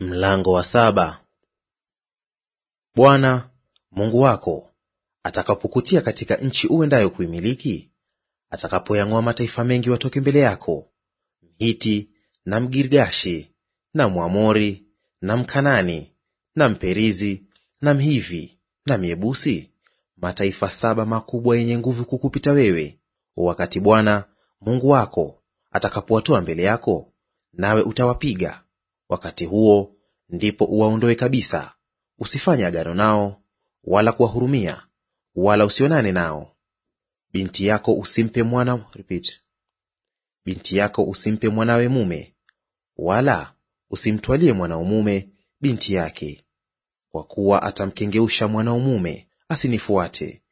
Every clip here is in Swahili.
Mlango wa saba. Bwana Mungu wako atakapokutia katika nchi uendayo kuimiliki, atakapoyang'oa mataifa mengi watoke mbele yako, Mhiti na Mgirgashi na Mwamori na Mkanani na Mperizi na Mhivi na Myebusi, mataifa saba makubwa yenye nguvu kukupita wewe, wakati Bwana Mungu wako atakapowatoa mbele yako, nawe utawapiga wakati huo ndipo uwaondoe kabisa; usifanye agano nao, wala kuwahurumia, wala usionane nao. Binti yako usimpe mwana repeat. Binti yako usimpe mwanawe mume, wala usimtwalie mwanaumume binti yake, kwa kuwa atamkengeusha mwanaumume asinifuate,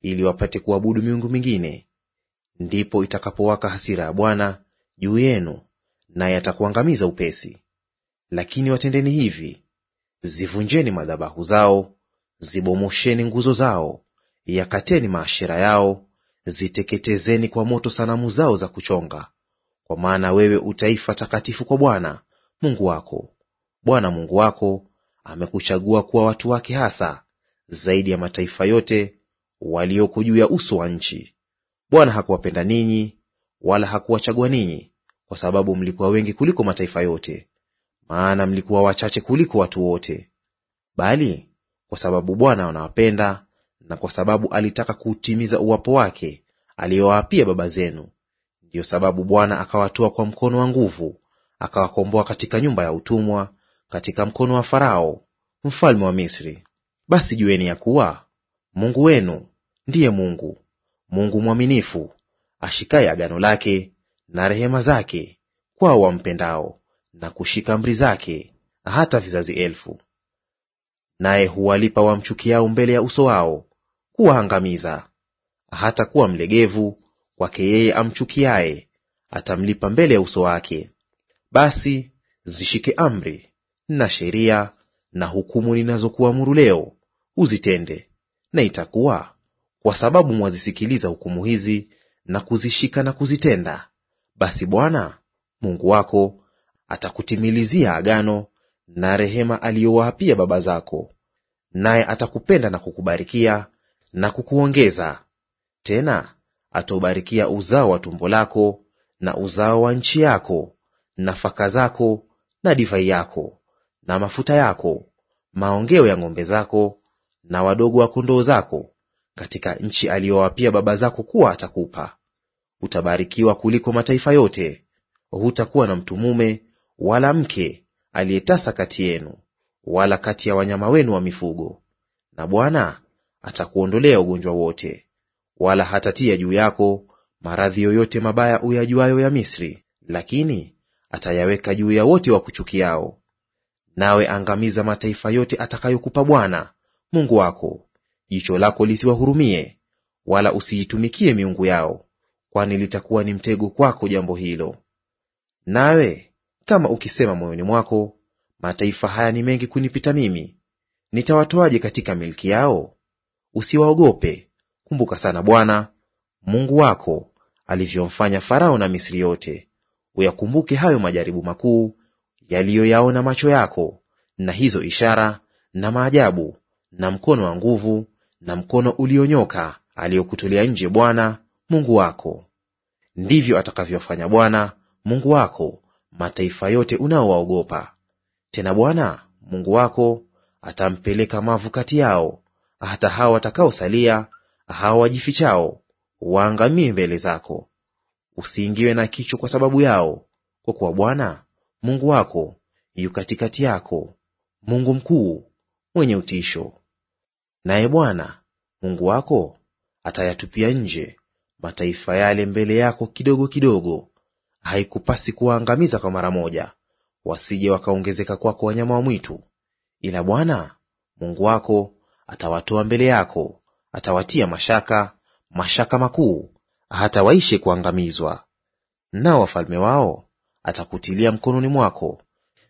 ili wapate kuabudu miungu mingine. Ndipo itakapowaka hasira ya Bwana juu yenu, naye atakuangamiza upesi. Lakini watendeni hivi: zivunjeni madhabahu zao, zibomosheni nguzo zao, yakateni maashira yao, ziteketezeni kwa moto sanamu zao za kuchonga. Kwa maana wewe utaifa takatifu kwa Bwana Mungu wako. Bwana Mungu wako amekuchagua kuwa watu wake hasa zaidi ya mataifa yote walioko juu ya uso wa nchi. Bwana hakuwapenda ninyi wala hakuwachagua ninyi, kwa sababu mlikuwa wengi kuliko mataifa yote, maana mlikuwa wachache kuliko watu wote, bali kwa sababu Bwana anawapenda na kwa sababu alitaka kuutimiza uwapo wake aliyowaapia baba zenu, ndiyo sababu Bwana akawatoa kwa mkono wa nguvu, akawakomboa katika nyumba ya utumwa, katika mkono wa Farao mfalme wa Misri. Basi jueni ya kuwa Mungu wenu ndiye Mungu, Mungu mwaminifu, ashikaye agano lake na rehema zake kwao wampendao na kushika amri zake hata vizazi elfu. Naye huwalipa wamchukiao mbele ya uso wao, kuwaangamiza. Hata kuwa mlegevu kwake yeye amchukiaye, atamlipa mbele ya uso wake. Basi zishike amri na sheria na hukumu ninazokuamuru leo, uzitende. Na itakuwa kwa sababu mwazisikiliza hukumu hizi na kuzishika na kuzitenda, basi Bwana Mungu wako atakutimilizia agano na rehema aliyowaapia baba zako, naye atakupenda na kukubarikia na kukuongeza; tena ataubarikia uzao wa tumbo lako na uzao wa nchi yako, nafaka zako na divai yako na mafuta yako, maongeo ya ng'ombe zako na wadogo wa kondoo zako, katika nchi aliyowapia baba zako kuwa atakupa. Utabarikiwa kuliko mataifa yote, hutakuwa na mtu mume wala mke aliyetasa kati yenu, wala kati ya wanyama wenu wa mifugo. Na Bwana atakuondolea ugonjwa wote, wala hatatia juu yako maradhi yoyote mabaya uyajuayo ya Misri, lakini atayaweka juu ya wote wa kuchukiao. Nawe angamiza mataifa yote atakayokupa Bwana Mungu wako, jicho lako lisiwahurumie, wala usiitumikie miungu yao, kwani litakuwa ni mtego kwako jambo hilo. Nawe kama ukisema moyoni mwako, mataifa haya ni mengi kunipita mimi, nitawatoaje katika milki yao? Usiwaogope. Kumbuka sana Bwana Mungu wako alivyomfanya Farao na Misri yote. Uyakumbuke hayo majaribu makuu yaliyoyaona macho yako, na hizo ishara na maajabu, na mkono wa nguvu na mkono ulionyoka aliyokutolea nje Bwana Mungu wako. Ndivyo atakavyofanya Bwana Mungu wako mataifa yote unaowaogopa. Tena Bwana Mungu wako atampeleka mavu kati yao, hata hao watakaosalia, hao wajifichao, waangamie mbele zako. Usiingiwe na kicho kwa sababu yao, kwa kuwa Bwana Mungu wako yu katikati yako, Mungu mkuu mwenye utisho. Naye Bwana Mungu wako atayatupia nje mataifa yale mbele yako kidogo kidogo, haikupasi kuwaangamiza kwa mara moja, wasije wakaongezeka kwako wanyama wa mwitu. Ila Bwana Mungu wako atawatoa mbele yako, atawatia mashaka, mashaka makuu, hata waishe kuangamizwa. Nao wafalme wao atakutilia mkononi mwako,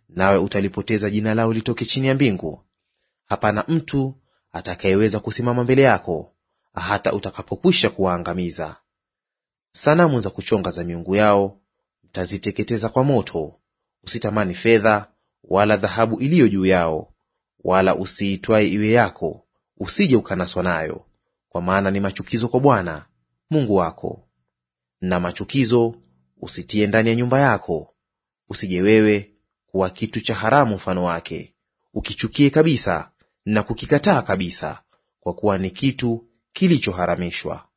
nawe utalipoteza jina lao litoke chini ya mbingu. Hapana mtu atakayeweza kusimama mbele yako, hata utakapokwisha kuwaangamiza. Sanamu za kuchonga za miungu yao nitaziteketeza kwa moto. Usitamani fedha wala dhahabu iliyo juu yao, wala usiitwae iwe yako, usije ukanaswa nayo, kwa maana ni machukizo kwa Bwana Mungu wako. Na machukizo usitie ndani ya nyumba yako, usije wewe kuwa kitu cha haramu mfano wake, ukichukie kabisa na kukikataa kabisa, kwa kuwa ni kitu kilichoharamishwa.